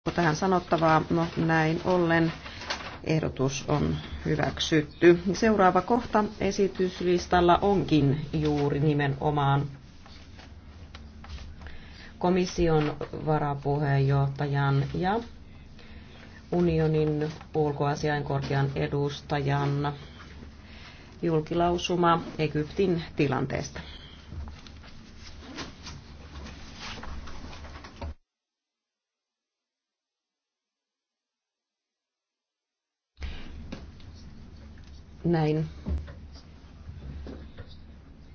Onko tähän sanottavaa? No näin ollen ehdotus on hyväksytty. Seuraava kohta esityslistalla onkin juuri nimenomaan komission varapuheenjohtajan ja unionin ulkoasian korkean edustajan julkilausuma Egyptin tilanteesta. näin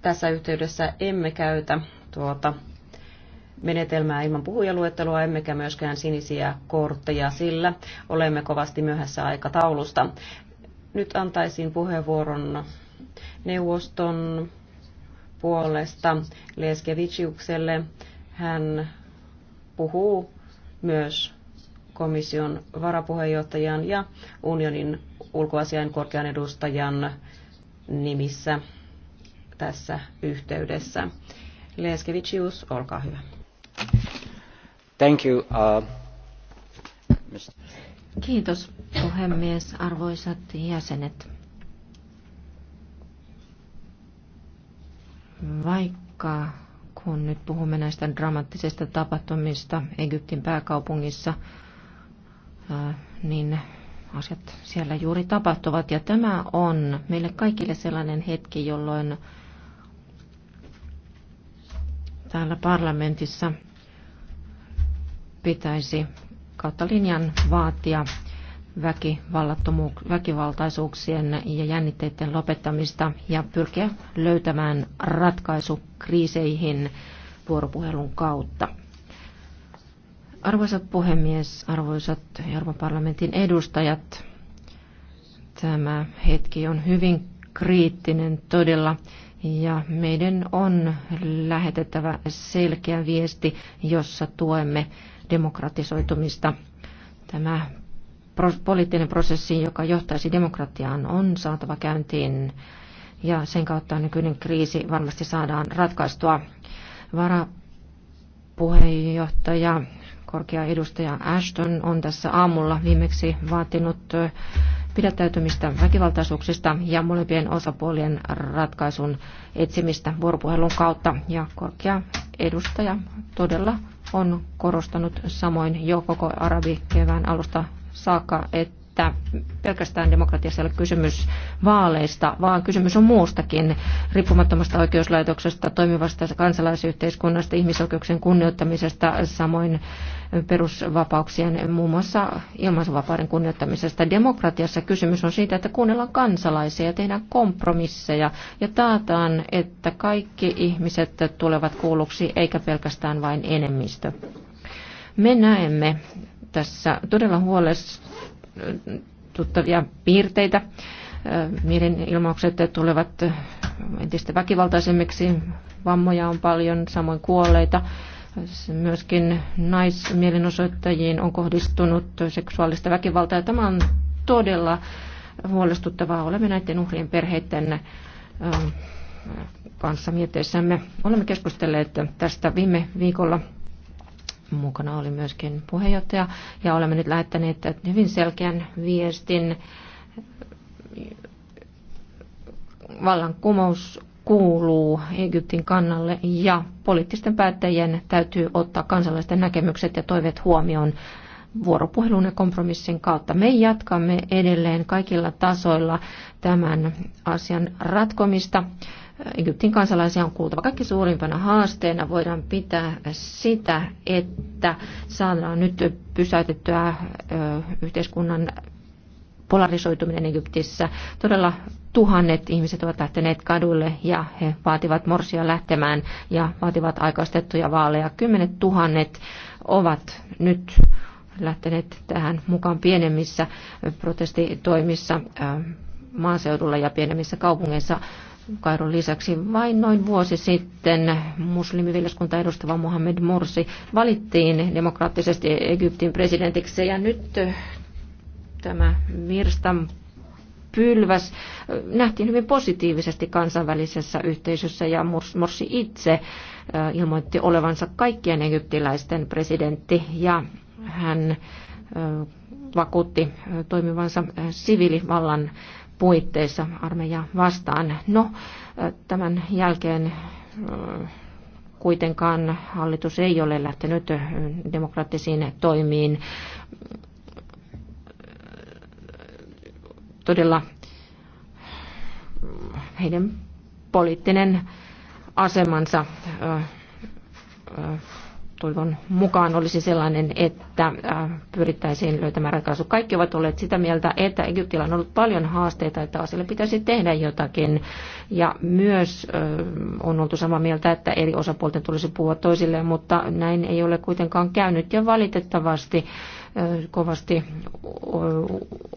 tässä yhteydessä emme käytä tuota menetelmää ilman puhujaluettelua, emmekä myöskään sinisiä kortteja, sillä olemme kovasti myöhässä aikataulusta. Nyt antaisin puheenvuoron neuvoston puolesta Leskevichiukselle. Hän puhuu myös komission varapuheenjohtajan ja unionin ulkoasian korkean edustajan nimissä tässä yhteydessä. Leskevicius, olkaa hyvä. Thank you, uh, Kiitos puhemies, arvoisat jäsenet. Vaikka kun nyt puhumme näistä dramaattisista tapahtumista Egyptin pääkaupungissa, niin asiat siellä juuri tapahtuvat. Ja tämä on meille kaikille sellainen hetki, jolloin täällä parlamentissa pitäisi kautta linjan vaatia väkivaltaisuuksien ja jännitteiden lopettamista ja pyrkiä löytämään ratkaisu kriiseihin vuoropuhelun kautta. Arvoisa puhemies, arvoisat Euroopan parlamentin edustajat, tämä hetki on hyvin kriittinen todella ja meidän on lähetettävä selkeä viesti, jossa tuemme demokratisoitumista. Tämä poliittinen prosessi, joka johtaisi demokratiaan, on saatava käyntiin ja sen kautta nykyinen kriisi varmasti saadaan ratkaistua. Varapuheenjohtaja korkea edustaja Ashton on tässä aamulla viimeksi vaatinut pidättäytymistä väkivaltaisuuksista ja molempien osapuolien ratkaisun etsimistä vuoropuhelun kautta. Ja korkea edustaja todella on korostanut samoin jo koko arabikevään alusta saakka, että että pelkästään demokratiassa ei ole kysymys vaaleista, vaan kysymys on muustakin, riippumattomasta oikeuslaitoksesta, toimivasta kansalaisyhteiskunnasta, ihmisoikeuksien kunnioittamisesta, samoin perusvapauksien, muun muassa ilmaisuvapauden kunnioittamisesta. Demokratiassa kysymys on siitä, että kuunnellaan kansalaisia ja tehdään kompromisseja ja taataan, että kaikki ihmiset tulevat kuulluksi eikä pelkästään vain enemmistö. Me näemme tässä todella huolestuttavaa tuttavia piirteitä. Mielenilmaukset tulevat entistä väkivaltaisemmiksi, vammoja on paljon, samoin kuolleita. Myöskin naismielenosoittajiin on kohdistunut seksuaalista väkivaltaa. Tämä on todella huolestuttavaa. Olemme näiden uhrien perheiden ähm, kanssa mietteissämme. Olemme keskustelleet tästä viime viikolla mukana oli myöskin puheenjohtaja. Ja olemme nyt lähettäneet hyvin selkeän viestin. Vallankumous kuuluu Egyptin kannalle ja poliittisten päättäjien täytyy ottaa kansalaisten näkemykset ja toiveet huomioon vuoropuhelun ja kompromissin kautta. Me jatkamme edelleen kaikilla tasoilla tämän asian ratkomista. Egyptin kansalaisia on kuultava. Kaikki suurimpana haasteena voidaan pitää sitä, että saadaan nyt pysäytettyä yhteiskunnan polarisoituminen Egyptissä. Todella tuhannet ihmiset ovat lähteneet kadulle ja he vaativat morsia lähtemään ja vaativat aikaistettuja vaaleja. Kymmenet tuhannet ovat nyt lähteneet tähän mukaan pienemmissä protestitoimissa maaseudulla ja pienemmissä kaupungeissa Kairon lisäksi vain noin vuosi sitten muslimiveljeskunta edustava Mohamed Morsi valittiin demokraattisesti Egyptin presidentiksi ja nyt eh, tämä Mirstan pylväs eh, nähtiin hyvin positiivisesti kansainvälisessä yhteisössä ja Morsi itse eh, ilmoitti olevansa kaikkien egyptiläisten presidentti ja hän vakuutti toimivansa siviilivallan puitteissa armeija vastaan. No, tämän jälkeen kuitenkaan hallitus ei ole lähtenyt demokraattisiin toimiin. Todella heidän poliittinen asemansa toivon mukaan olisi sellainen, että äh, pyrittäisiin löytämään ratkaisu. Kaikki ovat olleet sitä mieltä, että Egyptillä on ollut paljon haasteita, että asialle pitäisi tehdä jotakin. Ja myös äh, on oltu samaa mieltä, että eri osapuolten tulisi puhua toisilleen, mutta näin ei ole kuitenkaan käynyt. Ja valitettavasti kovasti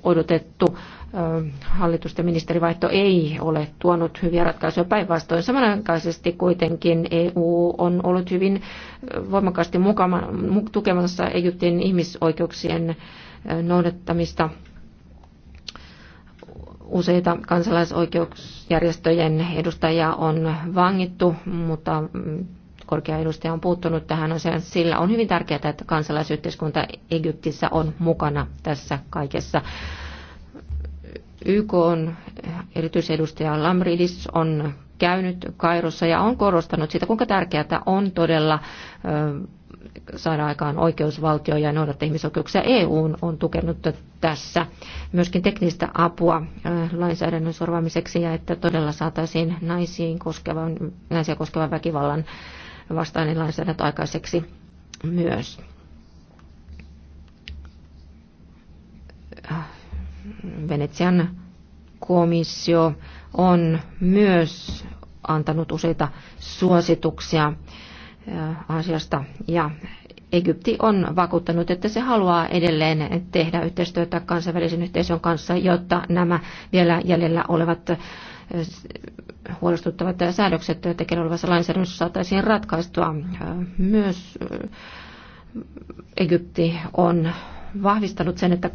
odotettu hallitusten ministerivaihto ei ole tuonut hyviä ratkaisuja päinvastoin. Samanaikaisesti kuitenkin EU on ollut hyvin voimakkaasti tukemassa Egyptin ihmisoikeuksien noudattamista useita kansalaisoikeusjärjestöjen edustajia on vangittu, mutta mm, korkea edustaja on puuttunut tähän asiaan. Sillä on hyvin tärkeää, että kansalaisyhteiskunta Egyptissä on mukana tässä kaikessa. YK on erityisedustaja Lamridis on käynyt Kairossa ja on korostanut sitä, kuinka tärkeää on todella saada aikaan oikeusvaltio ja noudattaa ihmisoikeuksia. EU on tukenut tässä myöskin teknistä apua lainsäädännön sorvaamiseksi ja että todella saataisiin naisiin koskevan, naisia koskevan väkivallan vastainen lainsäädäntö aikaiseksi myös. Venetsian komissio on myös antanut useita suosituksia äh, asiasta ja Egypti on vakuuttanut, että se haluaa edelleen tehdä yhteistyötä kansainvälisen yhteisön kanssa, jotta nämä vielä jäljellä olevat Äh, huolestuttavat säädökset tekeillä olevassa lainsäädännössä saataisiin ratkaistua. Äh, myös äh, Egypti on vahvistanut sen, että,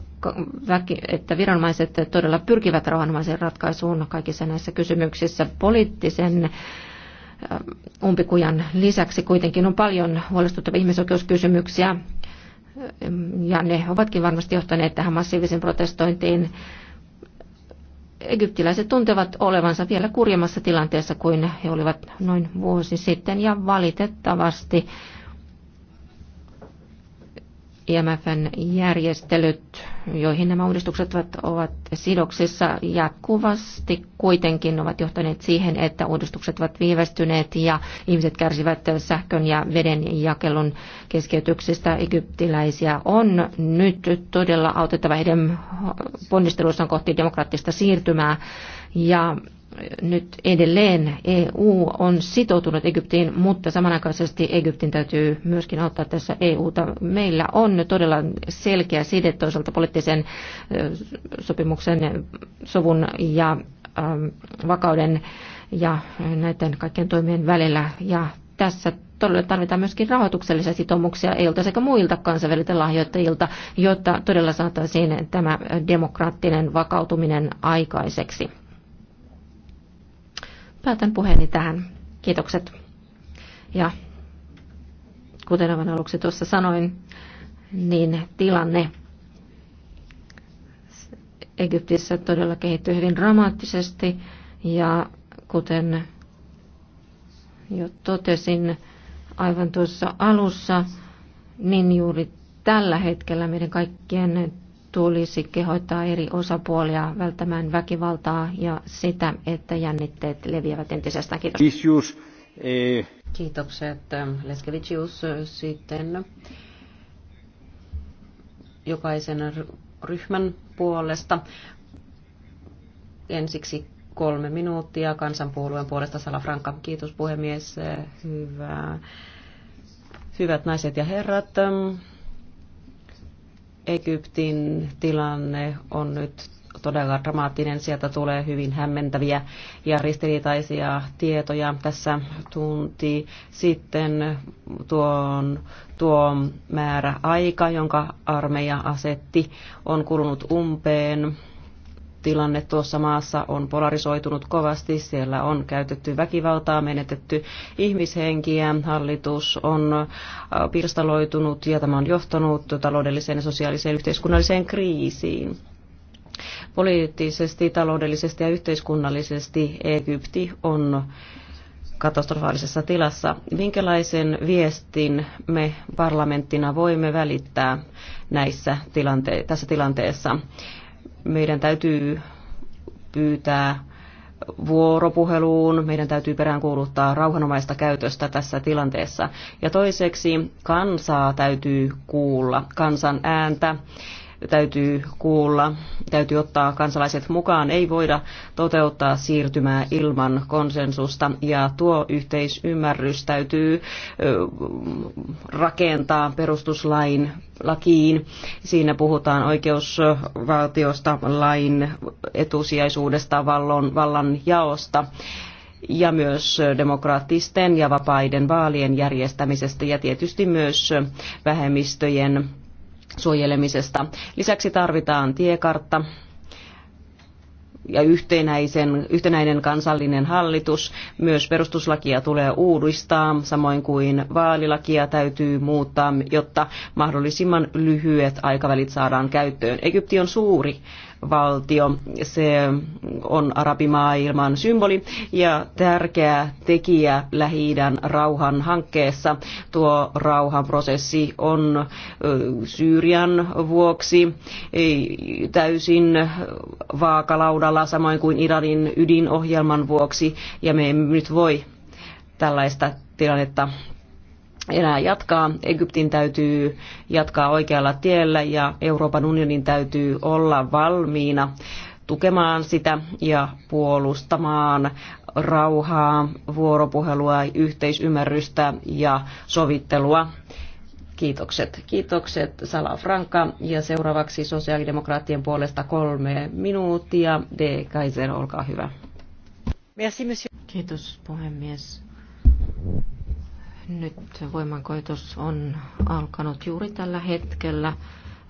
väki, että viranomaiset todella pyrkivät rauhanomaisen ratkaisuun kaikissa näissä kysymyksissä. Poliittisen umpikujan lisäksi kuitenkin on paljon huolestuttavia ihmisoikeuskysymyksiä, ja ne ovatkin varmasti johtaneet tähän massiiviseen protestointiin egyptiläiset tuntevat olevansa vielä kurjemmassa tilanteessa kuin he olivat noin vuosi sitten ja valitettavasti IMFn järjestelyt, joihin nämä uudistukset ovat, ovat sidoksissa jatkuvasti kuitenkin ovat johtaneet siihen, että uudistukset ovat viivästyneet ja ihmiset kärsivät sähkön ja veden jakelun keskeytyksistä. Egyptiläisiä on nyt todella autettava heidän ponnisteluissaan kohti demokraattista siirtymää ja nyt edelleen EU on sitoutunut Egyptiin, mutta samanaikaisesti Egyptin täytyy myöskin auttaa tässä EUta. Meillä on todella selkeä side toisaalta poliittisen sopimuksen, sovun ja vakauden ja näiden kaikkien toimien välillä. Ja tässä todella tarvitaan myöskin rahoituksellisia sitoumuksia EUlta sekä muilta kansainvälisiltä lahjoittajilta, jotta todella saataisiin tämä demokraattinen vakautuminen aikaiseksi. Päätän puheeni tähän. Kiitokset. Ja kuten aivan aluksi tuossa sanoin, niin tilanne Egyptissä todella kehittyy hyvin dramaattisesti ja kuten jo totesin aivan tuossa alussa, niin juuri tällä hetkellä meidän kaikkien tulisi kehoittaa eri osapuolia välttämään väkivaltaa ja sitä, että jännitteet leviävät entisestään. Kiitos. Kiitos, eh. Kiitokset ähm, Leskevicius. Sitten jokaisen ryhmän puolesta ensiksi kolme minuuttia kansanpuolueen puolesta Salafranka. Kiitos puhemies. Hyvää. Hyvät naiset ja herrat, ähm, Egyptin tilanne on nyt todella dramaattinen. Sieltä tulee hyvin hämmentäviä ja ristiriitaisia tietoja. Tässä tunti sitten tuon, tuo määrä aika, jonka armeija asetti, on kulunut umpeen tilanne tuossa maassa on polarisoitunut kovasti. Siellä on käytetty väkivaltaa, menetetty ihmishenkiä, hallitus on äh, pirstaloitunut ja tämä on johtanut taloudelliseen ja sosiaaliseen yhteiskunnalliseen kriisiin. Poliittisesti, taloudellisesti ja yhteiskunnallisesti Egypti on katastrofaalisessa tilassa. Minkälaisen viestin me parlamenttina voimme välittää näissä tilante- tässä tilanteessa? meidän täytyy pyytää vuoropuheluun, meidän täytyy peräänkuuluttaa rauhanomaista käytöstä tässä tilanteessa. Ja toiseksi kansaa täytyy kuulla, kansan ääntä täytyy kuulla, täytyy ottaa kansalaiset mukaan. Ei voida toteuttaa siirtymää ilman konsensusta ja tuo yhteisymmärrys täytyy rakentaa perustuslain lakiin. Siinä puhutaan oikeusvaltiosta, lain etusijaisuudesta, vallon, vallan jaosta ja myös demokraattisten ja vapaiden vaalien järjestämisestä ja tietysti myös vähemmistöjen suojelemisesta. Lisäksi tarvitaan tiekartta ja yhtenäisen, yhtenäinen kansallinen hallitus. Myös perustuslakia tulee uudistaa, samoin kuin vaalilakia täytyy muuttaa, jotta mahdollisimman lyhyet aikavälit saadaan käyttöön. Egypti on suuri valtio. Se on arabimaailman symboli ja tärkeä tekijä lähi rauhan hankkeessa. Tuo rauhanprosessi on Syyrian vuoksi täysin vaakalaudalla, samoin kuin Iranin ydinohjelman vuoksi, ja me emme nyt voi tällaista tilannetta enää jatkaa. Egyptin täytyy jatkaa oikealla tiellä ja Euroopan unionin täytyy olla valmiina tukemaan sitä ja puolustamaan rauhaa, vuoropuhelua, yhteisymmärrystä ja sovittelua. Kiitokset. Kiitokset Sala Franka ja seuraavaksi sosiaalidemokraattien puolesta kolme minuuttia. De Kaiser, olkaa hyvä. Merci, Kiitos puhemies. Nyt voimankoitos on alkanut juuri tällä hetkellä.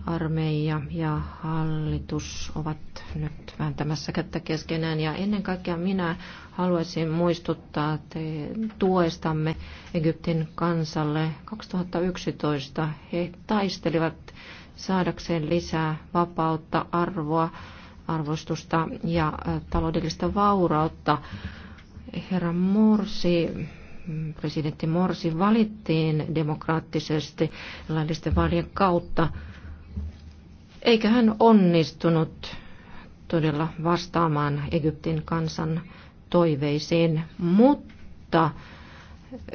Armeija ja hallitus ovat nyt vääntämässä kättä keskenään ja ennen kaikkea minä haluaisin muistuttaa te tuestamme Egyptin kansalle. 2011 he taistelivat saadakseen lisää vapautta, arvoa, arvostusta ja taloudellista vaurautta. Herra Morsi, presidentti Morsi valittiin demokraattisesti laillisten vaalien kautta, eikä hän onnistunut todella vastaamaan Egyptin kansan toiveisiin, mutta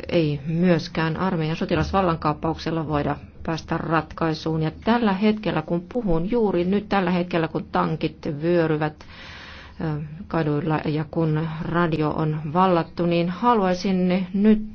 ei myöskään armeijan sotilasvallankaappauksella voida päästä ratkaisuun. Ja tällä hetkellä, kun puhun juuri nyt, tällä hetkellä, kun tankit vyöryvät kaduilla ja kun radio on vallattu, niin haluaisin nyt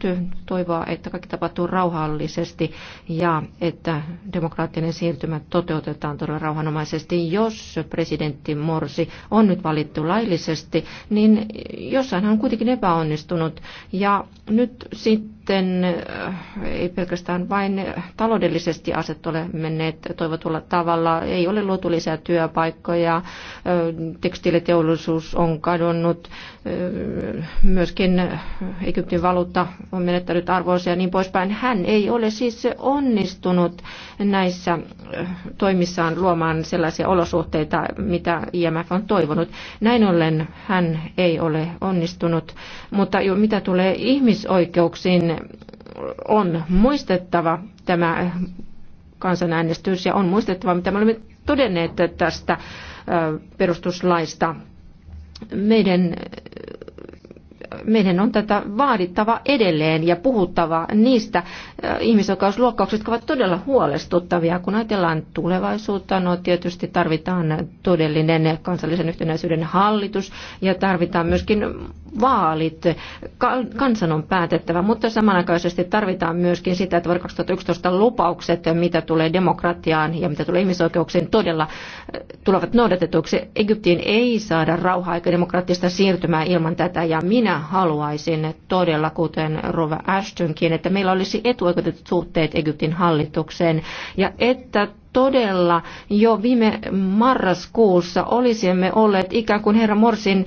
toivoa, että kaikki tapahtuu rauhallisesti ja että demokraattinen siirtymä toteutetaan todella rauhanomaisesti. Jos presidentti Morsi on nyt valittu laillisesti, niin jossain hän on kuitenkin epäonnistunut ja nyt sitten sitten eh, ei pelkästään vain taloudellisesti aset ole menneet toivotulla tavalla. Ei ole luotu lisää työpaikkoja, eh, tekstiiliteollisuus on kadonnut, eh, myöskin Egyptin valuutta on menettänyt arvoisia ja niin poispäin. Hän ei ole siis onnistunut näissä toimissaan luomaan sellaisia olosuhteita, mitä IMF on toivonut. Näin ollen hän ei ole onnistunut, mutta jo mitä tulee ihmisoikeuksiin, on muistettava tämä kansanäänestys ja on muistettava, mitä me olemme todenneet tästä perustuslaista. Meidän meidän on tätä vaadittava edelleen ja puhuttava niistä äh, ihmisoikeusluokkauksista, jotka ovat todella huolestuttavia. Kun ajatellaan tulevaisuutta, no tietysti tarvitaan todellinen kansallisen yhtenäisyyden hallitus ja tarvitaan myöskin vaalit. Kansan on päätettävä, mutta samanaikaisesti tarvitaan myöskin sitä, että vuoden 2011 lupaukset, mitä tulee demokratiaan ja mitä tulee ihmisoikeuksiin, todella äh, tulevat noudatetuksi. Egyptiin ei saada rauhaa eikä demokraattista siirtymää ilman tätä ja minä haluaisin todella, kuten Rova Ashtonkin, että meillä olisi etuoikeutetut suhteet Egyptin hallitukseen ja että todella jo viime marraskuussa olisimme olleet ikään kuin herra Morsin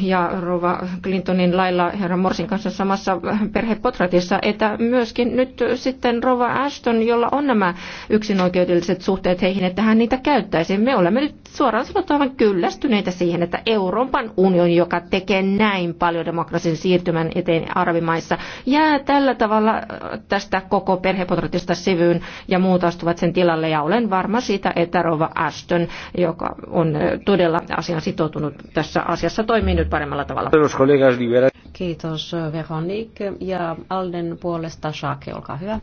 ja Rova Clintonin lailla herra Morsin kanssa samassa perhepotratissa, että myöskin nyt sitten Rova Ashton, jolla on nämä yksinoikeudelliset suhteet heihin, että hän niitä käyttäisi. Me olemme nyt suoraan sanottu aivan kyllästyneitä siihen, että Euroopan unioni, joka tekee näin paljon demokratian siirtymän eteen arabimaissa, jää tällä tavalla tästä koko perhepotratista sivyyn ja muut astuvat sen tilalle ja olen varma siitä, että Rova Ashton, joka on todella asian sitoutunut tässä asiassa, toimii nyt paremmalla tavalla. Kiitos Veronique ja Alden puolesta Shake, olkaa hyvä.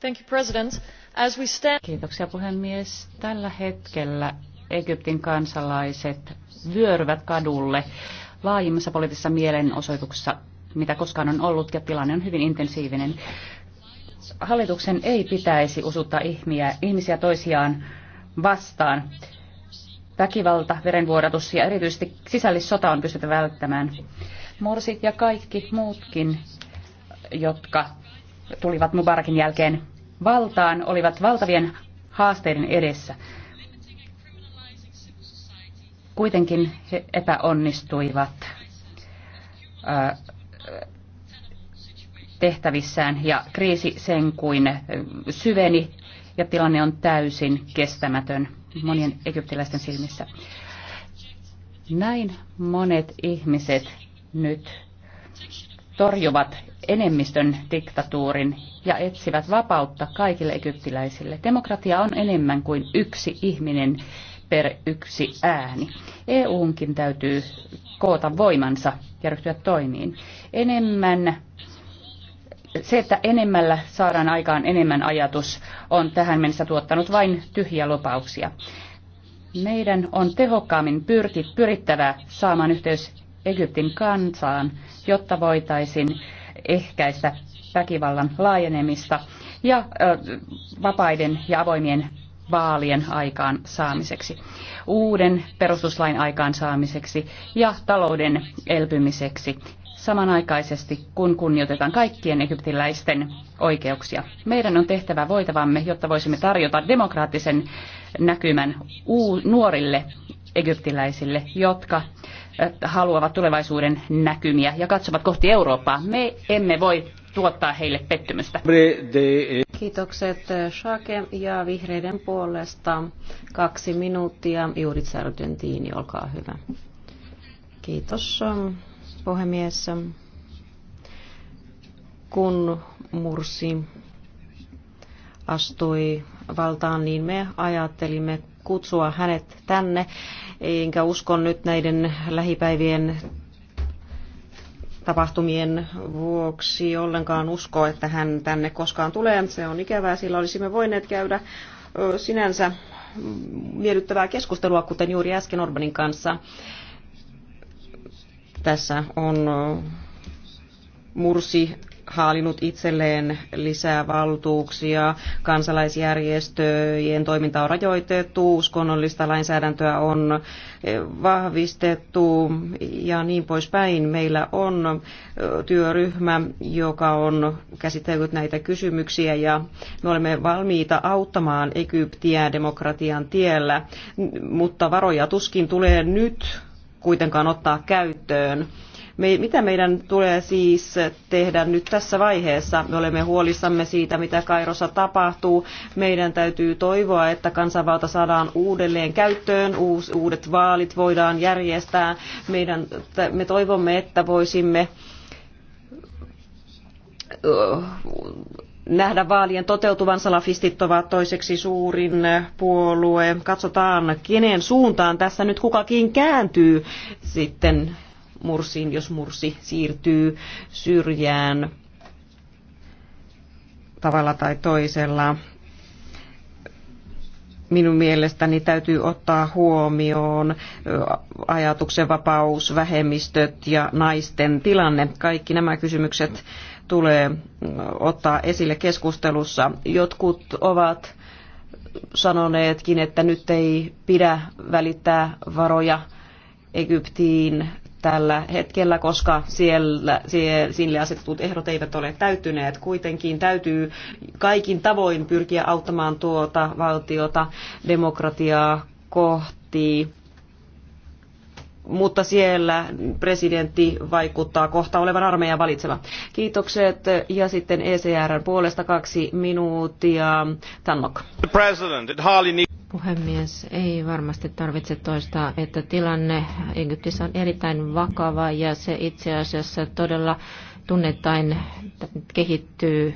Thank you, President. As we stand... Kiitoksia puhemies. Tällä hetkellä Egyptin kansalaiset vyöryvät kadulle laajimmassa poliittisessa mielenosoituksessa, mitä koskaan on ollut, ja tilanne on hyvin intensiivinen. Hallituksen ei pitäisi usuttaa ihmisiä, ihmisiä toisiaan vastaan. Väkivalta, verenvuodatus ja erityisesti sisällissota on pystyttävä välttämään. Morsi ja kaikki muutkin, jotka tulivat Mubarakin jälkeen valtaan, olivat valtavien haasteiden edessä. Kuitenkin he epäonnistuivat tehtävissään ja kriisi sen kuin syveni ja tilanne on täysin kestämätön monien egyptiläisten silmissä. Näin monet ihmiset nyt torjuvat enemmistön diktatuurin ja etsivät vapautta kaikille egyptiläisille. Demokratia on enemmän kuin yksi ihminen per yksi ääni. EUnkin täytyy koota voimansa ja ryhtyä toimiin. Enemmän se, että enemmällä saadaan aikaan enemmän ajatus, on tähän mennessä tuottanut vain tyhjiä lupauksia. Meidän on tehokkaammin pyrki, pyrittävä saamaan yhteys Egyptin kansaan, jotta voitaisiin ehkäistä väkivallan laajenemista ja ö, vapaiden ja avoimien vaalien aikaan saamiseksi, uuden perustuslain aikaan saamiseksi ja talouden elpymiseksi samanaikaisesti, kun kunnioitetaan kaikkien egyptiläisten oikeuksia. Meidän on tehtävä voitavamme, jotta voisimme tarjota demokraattisen näkymän nuorille egyptiläisille, jotka haluavat tulevaisuuden näkymiä ja katsovat kohti Eurooppaa. Me emme voi tuottaa heille pettymystä. Kiitokset Shake ja vihreiden puolesta. Kaksi minuuttia. Juuri Sargentini, olkaa hyvä. Kiitos puhemies. Kun Mursi astui valtaan, niin me ajattelimme kutsua hänet tänne, enkä usko nyt näiden lähipäivien tapahtumien vuoksi ollenkaan usko, että hän tänne koskaan tulee. Se on ikävää, sillä olisimme voineet käydä sinänsä miellyttävää keskustelua, kuten juuri äsken Orbanin kanssa. Tässä on Mursi haalinut itselleen lisää valtuuksia, kansalaisjärjestöjen toiminta on rajoitettu, uskonnollista lainsäädäntöä on vahvistettu ja niin poispäin. Meillä on työryhmä, joka on käsitellyt näitä kysymyksiä ja me olemme valmiita auttamaan Egyptiä demokratian tiellä, mutta varoja tuskin tulee nyt kuitenkaan ottaa käyttöön. Me, mitä meidän tulee siis tehdä nyt tässä vaiheessa? Me olemme huolissamme siitä, mitä Kairossa tapahtuu. Meidän täytyy toivoa, että kansanvalta saadaan uudelleen käyttöön, uus, uudet vaalit voidaan järjestää. Meidän, me toivomme, että voisimme nähdä vaalien toteutuvan. Salafistit ovat toiseksi suurin puolue. Katsotaan, kenen suuntaan tässä nyt kukakin kääntyy sitten Mursiin, jos Mursi siirtyy syrjään tavalla tai toisella. Minun mielestäni täytyy ottaa huomioon ajatuksenvapaus, vähemmistöt ja naisten tilanne. Kaikki nämä kysymykset tulee ottaa esille keskustelussa. Jotkut ovat sanoneetkin, että nyt ei pidä välittää varoja Egyptiin tällä hetkellä, koska siellä, siellä, sille asetetut ehdot eivät ole täyttyneet. Kuitenkin täytyy kaikin tavoin pyrkiä auttamaan tuota valtiota demokratiaa kohti mutta siellä presidentti vaikuttaa kohta olevan armeijan valitsema. Kiitokset ja sitten ECRn puolesta kaksi minuuttia. Tannok. Puhemies, ei varmasti tarvitse toistaa, että tilanne Egyptissä on erittäin vakava ja se itse asiassa todella tunnettain kehittyy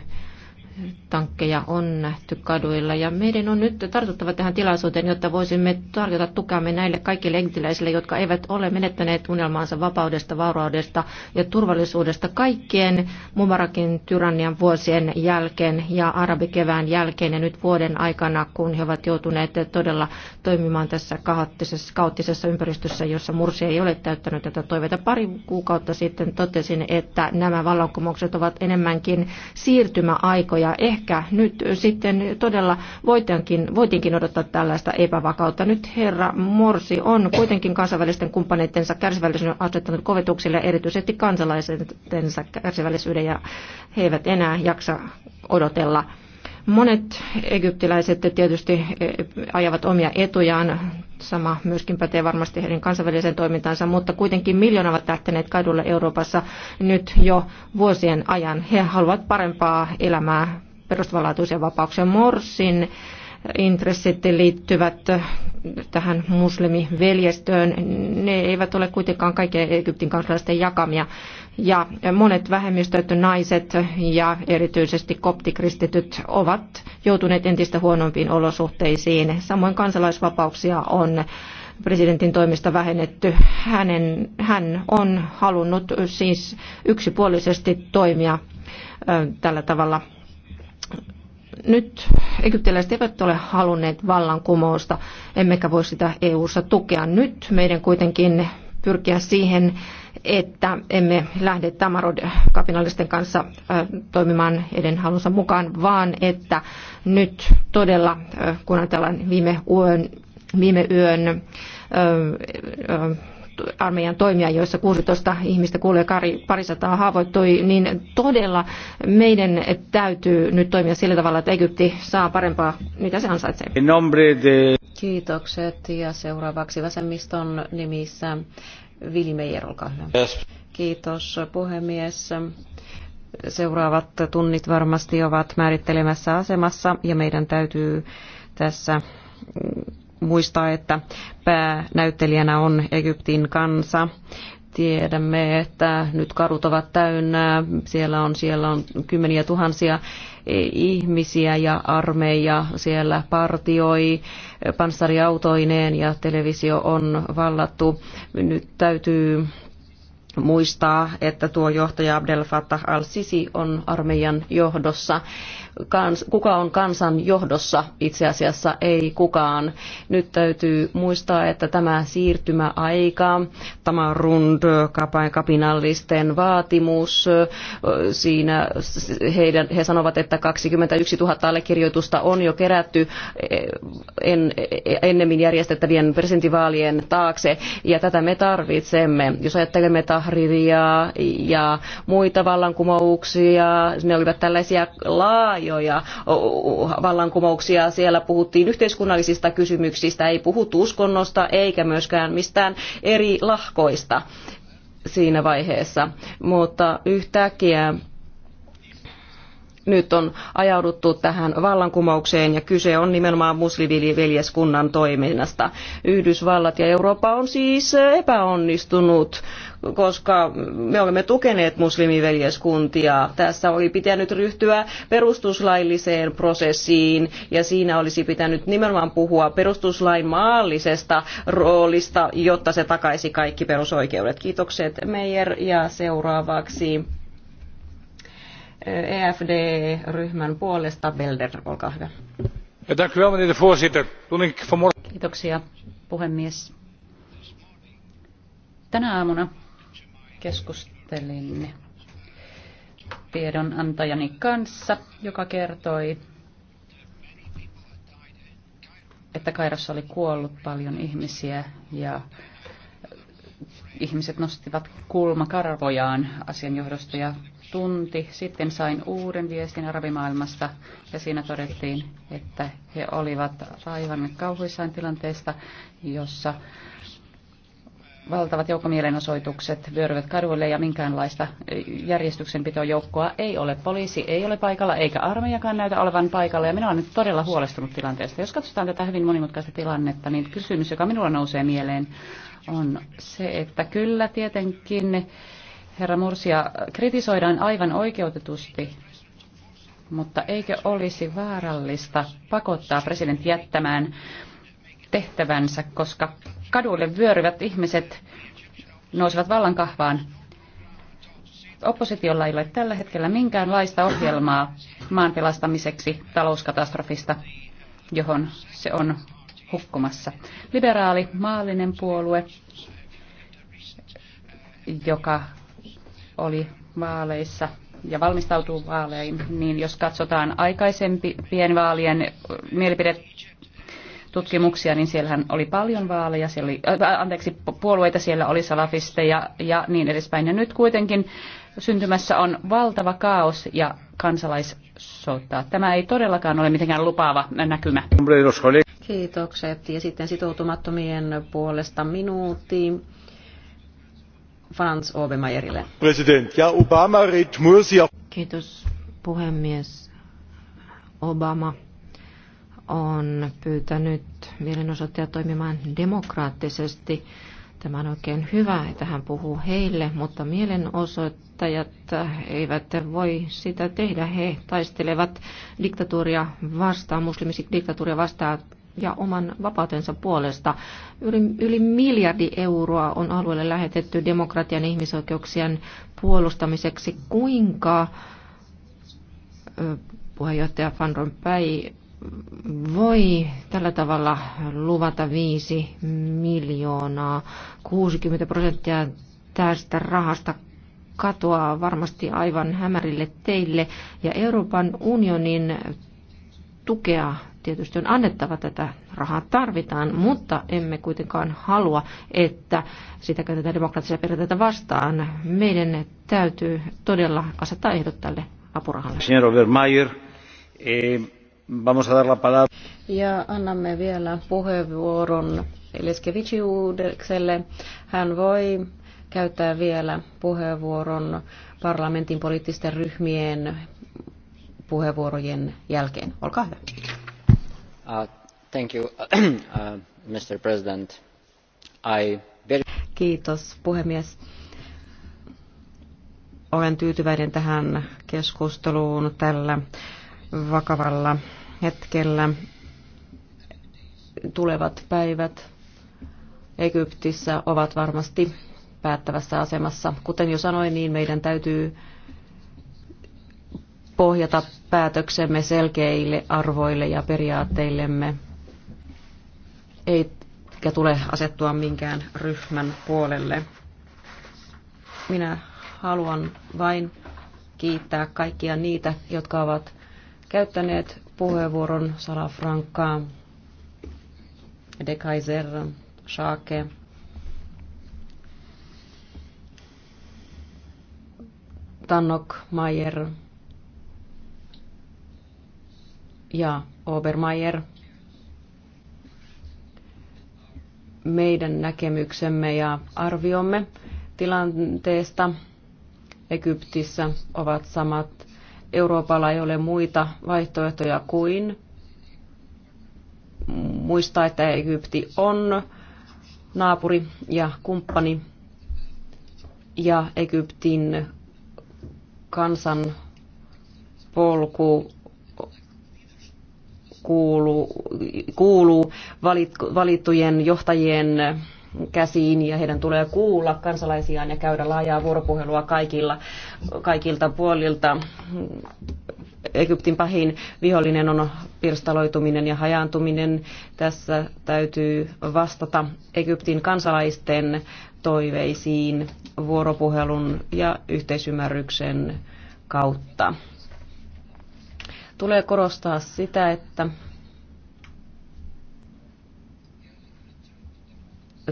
tankkeja on nähty kaduilla ja meidän on nyt tartuttava tähän tilaisuuteen, jotta voisimme tarjota tukamme näille kaikille egyptiläisille, jotka eivät ole menettäneet unelmaansa vapaudesta, vauraudesta ja turvallisuudesta kaikkien Mubarakin tyrannian vuosien jälkeen ja arabikevään jälkeen ja nyt vuoden aikana, kun he ovat joutuneet todella toimimaan tässä kaoottisessa, kaoottisessa ympäristössä, jossa Mursi ei ole täyttänyt tätä toiveita. Pari kuukautta sitten totesin, että nämä vallankumoukset ovat enemmänkin siirtymäaikoja ja ehkä nyt sitten todella voitinkin, voitinkin odottaa tällaista epävakautta. Nyt herra Morsi on kuitenkin kansainvälisten kumppaneittensa kärsivällisyyden asettanut kovetuksille erityisesti kansalaisensa kärsivällisyyden ja he eivät enää jaksa odotella Monet egyptiläiset tietysti eh, ajavat omia etujaan, sama myöskin pätee varmasti heidän kansainväliseen toimintaansa, mutta kuitenkin miljoonat ovat lähteneet kadulle Euroopassa nyt jo vuosien ajan. He haluavat parempaa elämää, perustavanlaatuisia vapauksia. Morsin intressit liittyvät tähän muslimiveljestöön. Ne eivät ole kuitenkaan kaikkien Egyptin kansalaisten jakamia. Ja monet vähemmistöt, naiset ja erityisesti koptikristityt ovat joutuneet entistä huonompiin olosuhteisiin. Samoin kansalaisvapauksia on presidentin toimista vähennetty. Hänen, hän on halunnut siis yksipuolisesti toimia tällä tavalla nyt egyptiläiset eivät ole halunneet vallankumousta, emmekä voi sitä EU-ssa tukea. Nyt meidän kuitenkin pyrkiä siihen, että emme lähde Tamarod-kapinallisten kanssa toimimaan heidän halunsa mukaan, vaan että nyt todella, kun ajatellaan viime yön, viime yön armeijan toimia, joissa 16 ihmistä kuulee ja parisataa haavoittui, niin todella meidän täytyy nyt toimia sillä tavalla, että Egypti saa parempaa, mitä se ansaitsee. Kiitokset ja seuraavaksi vasemmiston nimissä Vili Meijer, olkaa hyvä. Kiitos puhemies seuraavat tunnit varmasti ovat määrittelemässä asemassa ja meidän täytyy tässä muistaa, että päänäyttelijänä on Egyptin kansa tiedämme, että nyt kadut ovat täynnä, siellä on, siellä on kymmeniä tuhansia ihmisiä ja armeija siellä partioi panssariautoineen ja televisio on vallattu. Nyt täytyy muistaa, että tuo johtaja Abdel Fattah al-Sisi on armeijan johdossa kuka on kansan johdossa itse asiassa ei kukaan. Nyt täytyy muistaa, että tämä siirtymäaika, tämä rund kapinallisten vaatimus, siinä heidän, he sanovat, että 21 000 allekirjoitusta on jo kerätty eh, en, eh, ennemmin järjestettävien presidentinvaalien taakse, ja tätä me tarvitsemme. Jos ajattelemme Tahriria ja muita vallankumouksia, ne olivat tällaisia laajia laajoja vallankumouksia. Siellä puhuttiin yhteiskunnallisista kysymyksistä, ei puhuttu uskonnosta eikä myöskään mistään eri lahkoista siinä vaiheessa. Mutta yhtäkkiä nyt on ajauduttu tähän vallankumoukseen ja kyse on nimenomaan muslimiveljeskunnan toiminnasta. Yhdysvallat ja Eurooppa on siis epäonnistunut, koska me olemme tukeneet muslimiveljeskuntia. Tässä oli pitänyt ryhtyä perustuslailliseen prosessiin ja siinä olisi pitänyt nimenomaan puhua perustuslain maallisesta roolista, jotta se takaisi kaikki perusoikeudet. Kiitokset Meijer ja seuraavaksi EFD-ryhmän eh, e puolesta Belder, olkaa hyvä. Kiitoksia puhemies. Tänä aamuna keskustelin tiedonantajani kanssa, joka kertoi, että Kairossa oli kuollut paljon ihmisiä ja ihmiset nostivat kulmakarvojaan asian johdosta ja tunti sitten sain uuden viestin arabimaailmasta ja siinä todettiin, että he olivat aivan kauhuissaan tilanteesta, jossa valtavat joukkomielenosoitukset vyöryvät kaduille ja minkäänlaista järjestyksenpitojoukkoa ei ole. Poliisi ei ole paikalla eikä armeijakaan näytä olevan paikalla ja minä olen nyt todella huolestunut tilanteesta. Jos katsotaan tätä hyvin monimutkaista tilannetta, niin kysymys, joka minulla nousee mieleen, on se, että kyllä tietenkin herra Mursia kritisoidaan aivan oikeutetusti, mutta eikö olisi vaarallista pakottaa presidentti jättämään tehtävänsä, koska kaduille vyöryvät ihmiset nousivat vallan kahvaan. Oppositiolla ei ole tällä hetkellä minkäänlaista ohjelmaa maan pelastamiseksi talouskatastrofista, johon se on hukkumassa. Liberaali maallinen puolue, joka oli vaaleissa ja valmistautuu vaaleihin, niin jos katsotaan aikaisempien vaalien mielipide tutkimuksia, niin siellähän oli paljon vaaleja, siellä oli, äh, äh anteeksi, puolueita, siellä oli salafisteja ja niin edespäin. Ja nyt kuitenkin syntymässä on valtava kaos ja kansalaissota. Tämä ei todellakaan ole mitenkään lupaava näkymä. Kiitokset. Ja sitten sitoutumattomien puolesta minuutti. Franz Obermeierille. President, ja Obama red Kiitos puhemies. Obama on pyytänyt mielenosoittajat toimimaan demokraattisesti. Tämä on oikein hyvä, että hän puhuu heille, mutta mielenosoittajat eivät voi sitä tehdä. He taistelevat diktatuuria vastaan, muslimisik diktatuuria vastaan ja oman vapautensa puolesta. Yli, yli miljardi euroa on alueelle lähetetty demokratian ihmisoikeuksien puolustamiseksi. Kuinka puheenjohtaja Van Rompuy voi tällä tavalla luvata 5 miljoonaa. 60 prosenttia tästä rahasta katoaa varmasti aivan hämärille teille. Ja Euroopan unionin tukea tietysti on annettava tätä rahaa tarvitaan, mutta emme kuitenkaan halua, että sitä käytetään demokraattisia periaatteita vastaan. Meidän täytyy todella asettaa ehdot tälle apurahalle. Señor Obermeier, eh, Vamos a dar la palabra. Ja annamme vielä puheenvuoron Leskevici-uudekselle. Hän voi käyttää vielä puheenvuoron parlamentin poliittisten ryhmien puheenvuorojen jälkeen. Olkaa hyvä. Uh, thank you, uh, Mr. President. I very... Kiitos, puhemies. Olen tyytyväinen tähän keskusteluun tällä vakavalla hetkellä. Tulevat päivät Egyptissä ovat varmasti päättävässä asemassa. Kuten jo sanoin, niin meidän täytyy pohjata päätöksemme selkeille arvoille ja periaatteillemme, eikä tule asettua minkään ryhmän puolelle. Minä haluan vain kiittää kaikkia niitä, jotka ovat käyttäneet puheenvuoron Salafranca, De Kaiser, Schake. Tannok, Mayer ja Obermeier. Meidän näkemyksemme ja arviomme tilanteesta Egyptissä ovat samat Euroopalla ei ole muita vaihtoehtoja kuin muistaa, että Egypti on naapuri ja kumppani ja Egyptin kansan polku kuuluu, kuuluu valittujen johtajien käsiin ja heidän tulee kuulla kansalaisiaan ja käydä laajaa vuoropuhelua kaikilla, kaikilta puolilta. Egyptin pahin vihollinen on pirstaloituminen ja hajaantuminen. Tässä täytyy vastata Egyptin kansalaisten toiveisiin vuoropuhelun ja yhteisymmärryksen kautta. Tulee korostaa sitä, että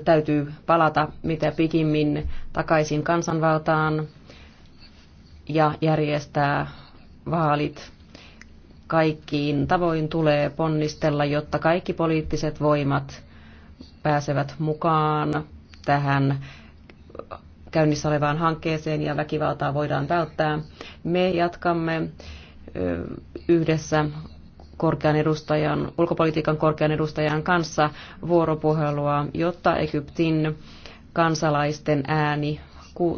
täytyy palata mitä pikimmin takaisin kansanvaltaan ja järjestää vaalit. Kaikkiin tavoin tulee ponnistella, jotta kaikki poliittiset voimat pääsevät mukaan tähän käynnissä olevaan hankkeeseen ja väkivaltaa voidaan välttää. Me jatkamme yhdessä korkean edustajan, ulkopolitiikan korkean edustajan kanssa vuoropuhelua, jotta Egyptin kansalaisten ääni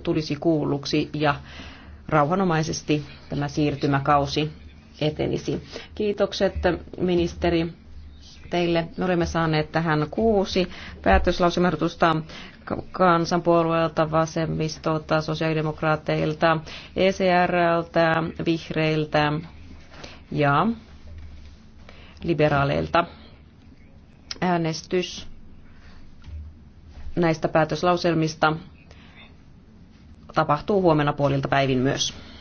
tulisi kuulluksi ja rauhanomaisesti tämä siirtymäkausi etenisi. Kiitokset ministeri teille. Me olemme saaneet tähän kuusi päätöslausumertusta kansanpuolueelta, vasemmistolta, sosiaalidemokraateilta, ECRltä, vihreiltä ja liberaaleilta. Äänestys näistä päätöslauselmista tapahtuu huomenna puolilta päivin myös.